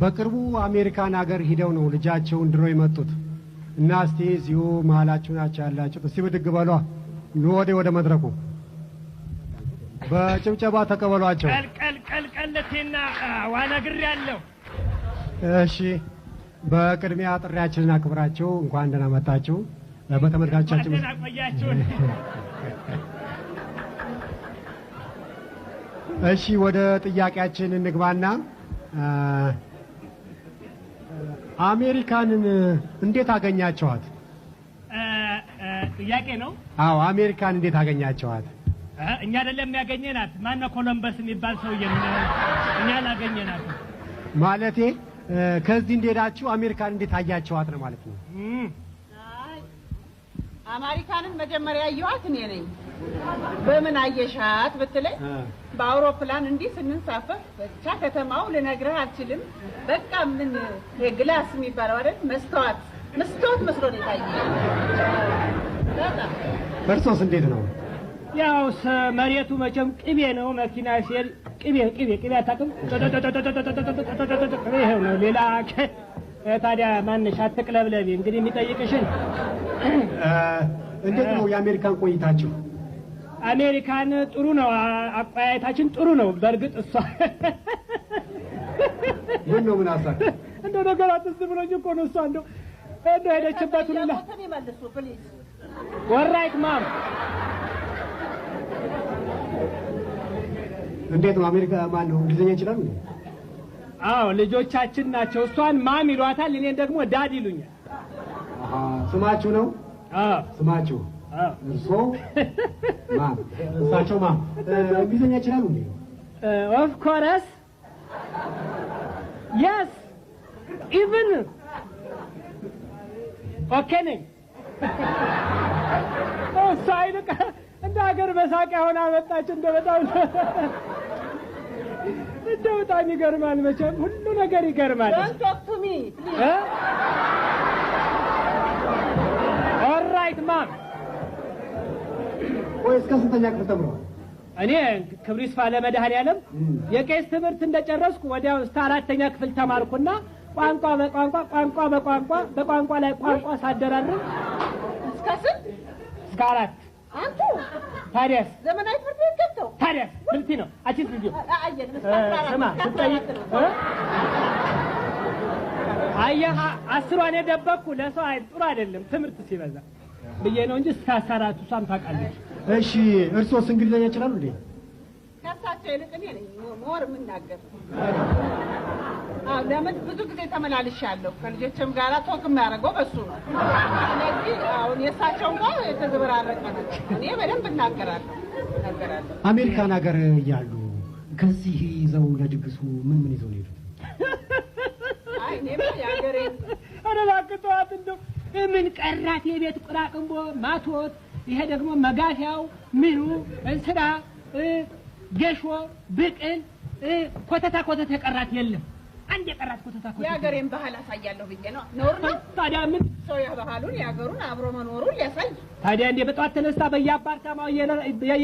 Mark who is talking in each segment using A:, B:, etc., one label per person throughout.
A: በቅርቡ አሜሪካን ሀገር ሂደው ነው ልጃቸውን ድሮ የመጡት እና እስቲ እዚሁ መሀላችሁ ናቸው ያላችሁት። እስቲ ብድግ በሏ፣ ኑ ወዴ ወደ መድረኩ በጭብጨባ ተቀበሏቸው።
B: ቀልቀልቀልቀልቴና ዋና ግር ያለው
A: እሺ። በቅድሚያ ጥሪያችንን አክብራችሁ እንኳን ደህና መጣችሁ በተመልካቾቻችን እሺ፣ ወደ ጥያቄያችን እንግባና አሜሪካንን እንዴት አገኛቸዋት? ጥያቄ ነው። አዎ አሜሪካን እንዴት አገኛቸዋት?
B: እኛ አይደለም ያገኘናት። ማነው ኮሎምበስ የሚባል ሰው? እኛ ላገኘናት
A: ማለቴ ከዚህ እንደሄዳችሁ አሜሪካን እንዴት አያቸዋት ነው ማለት ነው።
B: አሜሪካንን መጀመሪያ ያየኋት እኔ ነኝ። በምን አየሻት ብትለኝ በአውሮፕላን እንዲህ ስንንሳፈፍ ብቻ ከተማው ልነግርህ አልችልም። በቃ ምን ግላስ የሚባለው አይደል መስተዋት መስተዋት መስሎ ነው የታየ።
A: እርሶስ እንዴት ነው?
B: ያው መሬቱ መቼም ቅቤ ነው። መኪና ሲል ቅቤ ቅቤ ቅቤ አታውቅም። ይኸው ነው ሌላ ታዲያ ማንሽ አትቅለብለቢ። እንግዲህ የሚጠይቅሽን እንዴት ነው የአሜሪካን ቆይታችሁ? አሜሪካን ጥሩ ነው፣ አቋያየታችን ጥሩ ነው። በእርግጥ እሷ ምን ነው ምን አሳ እንደ ነገር ዝ ብሎኝ እኮ ነው እሷ እንደ እንደ ሄደችበት ሁላ ወራይት ማም እንዴት ነው አሜሪካ ማን ነው እንግሊዝኛ ይችላል? እንዴ? አዎ ልጆቻችን ናቸው። እሷን ማም ይሏታል፣ እኔን ደግሞ ዳድ ይሉኛል። ስማችሁ ነው? አዎ ስማችሁ እርሶ ማ እሳቸው ማ እንግሊዝኛ ይችላሉ እንዴ? ኦፍ ኮረስ የስ ኢቭን ኦኬ ነኝ። እሱ አይልቅ እንደ ሀገር በሳቅ ሆና አመጣች እንደ በጣም እንደ በጣም ይገርማል። መቼም ሁሉ ነገር ይገርማል። ኦልራይት ማም ወይስ ከስንተኛ ክፍል ተምረዋል? እኔ ክብሩ ይስፋ ለመድኃኔዓለም የቄስ ትምህርት እንደጨረስኩ ወዲያው እስከ አራተኛ ክፍል ተማርኩና ቋንቋ በቋንቋ ቋንቋ በቋንቋ በቋንቋ ላይ ቋንቋ ሳደራረብ እስከ ስንት እስከ አራት አንቱ ታዲያስ ዘመናዊ ትምህርት ቤት ገብተው ታዲያስ ምልቲ ነው አቺስ ልጅ ስማ ስጠይቅ አየህ አስሯን የደበቅኩ ለሰው ጥሩ አይደለም ትምህርት ሲበዛ ብዬ ነው እንጂ እስከ አስራ አራቱ እሷም ታውቃለች እሺ፣ እርሶስ እንግሊዘኛ ይችላሉ እንዴ? ከእሳቸው ይልቅ እኔ ነኝ ሞር የምናገር። ለምን ብዙ ጊዜ ተመላልሻለሁ ከልጆችም ጋራ ቶክ የሚያደርገው በሱ ነው። ስለዚህ አሁን የእሳቸው እንኳን የተዘበራረቀ ነው። እኔ በደንብ እናገራለሁ። እናገራለሁ። አሜሪካን ሀገር እያሉ ከዚህ ይዘው ለድግሱ ምን ምን ይዘው ሄዱ? አይ እኔማ የሀገሬ ኧረ እባክህ ተዋት፣ እንደው ምን ቀራት የቤት ቁራቅንቦ ማቶት ይሄ ደግሞ መጋፊያው ምኑ እንስራ ጌሾ ብቅል ኮተታ ኮተታ የቀራት የለም። አንድ የቀራት ኮተታ ኮተታ የሀገሬን ባህል አሳያለሁ ብዬ ነው። ኖር ነው ታዲያ። ምን ሰው የባህሉን የሀገሩን አብሮ መኖሩን ሊያሳይ ታዲያ እንደ በጠዋት ተነስታ በየአፓርታማው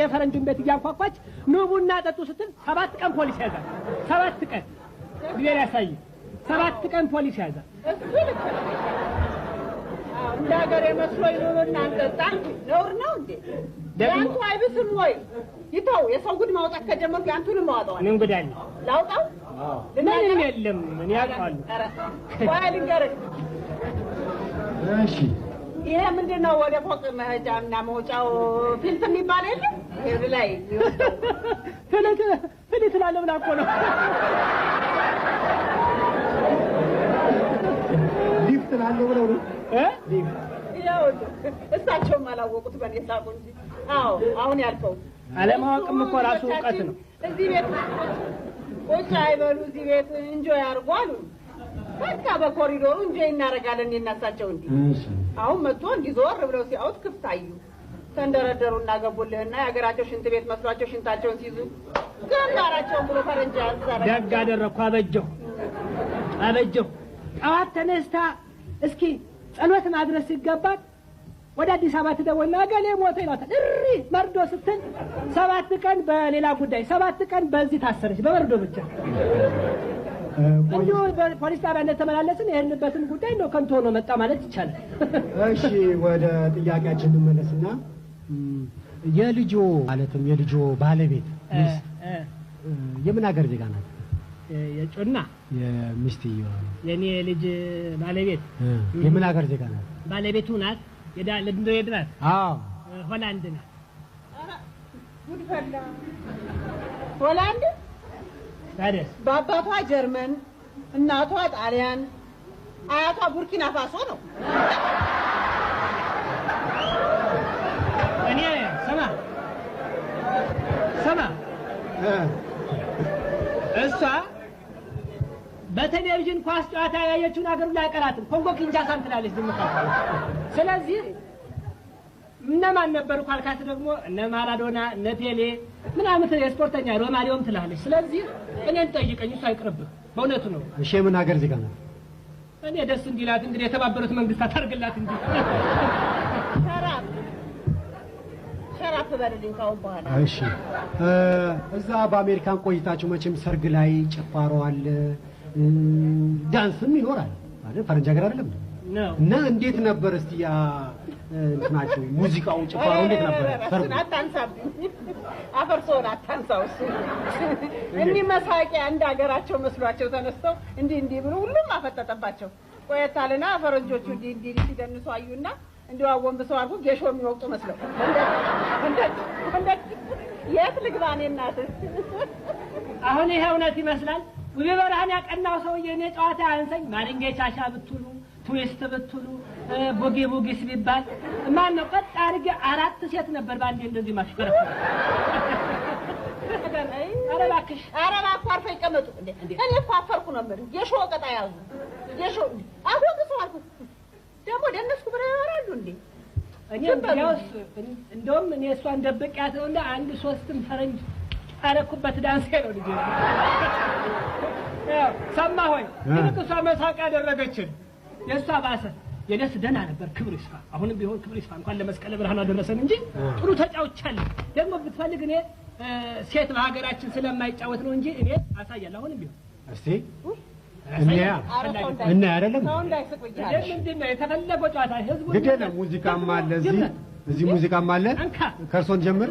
B: የፈረንጁን ቤት እያንኳኳች ኑ ቡና ጠጡ ስትል ሰባት ቀን ፖሊስ ያዛል። ሰባት ቀን እግዚአብሔር ያሳይ። ሰባት ቀን ፖሊስ ያዛል። እንደ ሀገር የመስሎኝ ኑሩ እናንተ ጣልኩ። ነውር ነው እንዴ? ያንቱ አይብስም ወይ? ይተው። የሰው ጉድ ማውጣት ከጀመርኩ ያንቱንም አወጣዋለሁ። እኔም ጉድ አለ። ላውጣው? ምንም የለም። ምን ያውቃሉ? ቆይ ልንገርህ። እሺ ይሄ ምንድን ነው? ወደ ፎቅ መሄጃ እና መውጫው ፊልት የሚባል የለም ላይ ፍልት ፍልት ላለ ብላ እኮ ነው አስባለሁ ብለው ነው እሳቸውም አላወቁት በእኔ ሳቁ እንጂ። አዎ አሁን ያልከው አለማወቅም እኮ ራሱ እውቀት ነው። እዚህ ቤት ቁጭ አይበሉ፣ እዚህ ቤት እንጆ ያርጉ አሉ። በቃ በኮሪዶሩ እንጆይ እናደርጋለን የእናሳቸው እንዲ አሁን መጥቶ እንዲዞር ብለው ሲያዩት ክፍት አዩ። ተንደረደሩ እና የሀገራቸው ሽንት ቤት መስሏቸው ሽንታቸውን ሲይዙ ግንባራቸውን ብሎ ፈረንጅ ደግ አደረግኩ። አበጀሁ አበጀሁ ጠዋት ተነስታ እስኪ ጸሎት ማድረስ ሲገባት ወደ አዲስ አበባ ትደወልና ገሌ ሞተ ይሏታል። እሪ መርዶ ስትል ሰባት ቀን በሌላ ጉዳይ፣ ሰባት ቀን በዚህ ታሰረች በመርዶ ብቻ። እንዲሁ ፖሊስ ጣቢያ እንደተመላለስን ይህንበትን ጉዳይ ነው ከንቶ ሆኖ መጣ ማለት ይቻላል። እሺ ወደ ጥያቄያችን እንመለስና የልጆ ማለትም የልጆ ባለቤት የምን ሀገር ዜጋ ናት? የጮና የሚስትየዋ የእኔ ልጅ ባለቤት የምን ሀገር ዜጋ ናት? ባለቤቱ ናት። ልንዶሬድ ናት። ሆላንድ ናት። ጉድፈላ ሆላንድ። ታዲያስ በአባቷ ጀርመን፣ እናቷ ጣሊያን፣ አያቷ ቡርኪና ፋሶ ነው። እኔ ስማ ስማ እሷ በቴሌቪዥን ኳስ ጨዋታ ያየችውን አገሩ ላይ አቀራትም ኮንጎ ኪንሻሳን ትላለች። ዝምታ ስለዚህ እነማን ነበሩ ካልካት ደግሞ እነ ማራዶና እነ ፔሌ ምናምን የስፖርተኛ ሮማሊዮም ትላለች። ስለዚህ እኔን ጠይቀኝ እሱ አይቅርብህ። በእውነቱ ነው። እሺ ምን ሀገር ዜጋ ነው? እኔ ደስ እንዲላት እንግዲህ የተባበሩት መንግስታት አድርግላት እንጂ እሺ እዛ በአሜሪካን ቆይታችሁ መቼም ሰርግ ላይ ጭፋሮ አለ ዳንስም ይኖራል ማለት ፈረንጅ ሀገር አይደለም እና እንዴት ነበር እስቲ ያ እንትናቸው ሙዚቃው ጭፈራው እንዴት ነበር? አታንሳብኝ፣ አፈርሶን አታንሳው። እሱ እንዲህ መሳቂያ እንደ ሀገራቸው መስሏቸው ተነስተው እንዲህ እንዲህ ብሎ ሁሉም አፈጠጠባቸው። ቆየታልና ፈረንጆቹ እንዲህ እንዲህ ሲደንሱ አዩና እንዲሁ አወንብሰው አልኩ ጌሾ የሚወቅጡ መስለው የት ልግባኔ እናት አሁን ይሄ እውነት ይመስላል። ውቤ በርሃን ያቀናው ሰው እኔ ጨዋታ ያንሰኝ ማድንጌ ቻሻ ብትሉ ትዊስት ብትሉ ቡጊ ቦጊስ ቢባል ማን ነው ቀጥ አድርጌ አራት ሴት ነበር በአንዴ እንደዚህ ማሽከረፍ ኧረ እባክሽ ኧረ እባክህ አርፈህ ይቀመጡ እኔ እኮ አፈርኩ ነው የሾ ቀጣ ያዙ የሾ አሁን ሰው አልኩ ደግሞ ደነስኩ ብለህ ያወራሉ እንዴ እኔ እንዲያውስ እንደውም እኔ እሷን ደብቄያት ያሰው እንደ አንድ ሶስትም ፈረንጅ አረኩበት ዳንሴ ነው ልጅ ሰማ ሆይ ሰማሆኝ ትልቅሷ መሳቅ ያደረገችን የእሷ ባሰ። የደስ ደና ነበር። ክብር ይስፋ። አሁንም ቢሆን ክብር ይስፋ። እንኳን ለመስቀለ ብርሃን አደረሰን እንጂ ጥሩ ተጫውቻለሁ። ደግሞ ብትፈልግ እኔ ሴት በሀገራችን ስለማይጫወት ነው እንጂ እኔ አሳያለሁ። አሁንም ቢሆን እስቲ እናያ እና አይደለም ነው የተፈለገው ጨዋታ ህዝቡ ግድ ሙዚቃም አለ እዚህ እዚህ ሙዚቃም አለ ከእርሶን ጀምር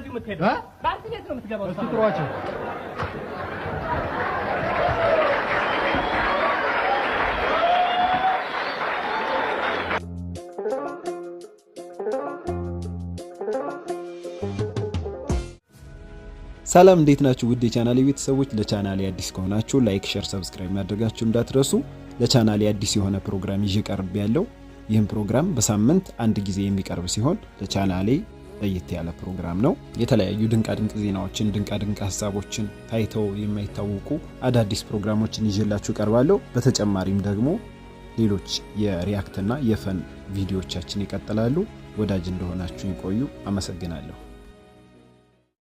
B: በዚሁ የምትሄደው ቤት ነው የምትገባው። እስኪ ጥሯቸው። ሰላም እንዴት ናችሁ? ውድ የቻናሌ ቤተሰቦች፣ ለቻናሌ አዲስ ከሆናችሁ ላይክ፣ ሼር፣ ሰብስክራይብ ማድረጋችሁ እንዳትረሱ። ለቻናሌ አዲስ የሆነ ፕሮግራም ይዤ ቀርብ ያለው ይህም ፕሮግራም በሳምንት አንድ ጊዜ የሚቀርብ ሲሆን ለቻናሌ ለየት ያለ ፕሮግራም ነው። የተለያዩ ድንቃድንቅ ዜናዎችን፣ ድንቃድንቅ ሀሳቦችን፣ ታይተው የማይታወቁ አዳዲስ ፕሮግራሞችን ይዤላችሁ ቀርባለሁ። በተጨማሪም ደግሞ ሌሎች የሪያክትና የፈን ቪዲዮዎቻችን ይቀጥላሉ። ወዳጅ እንደሆናችሁ ይቆዩ። አመሰግናለሁ።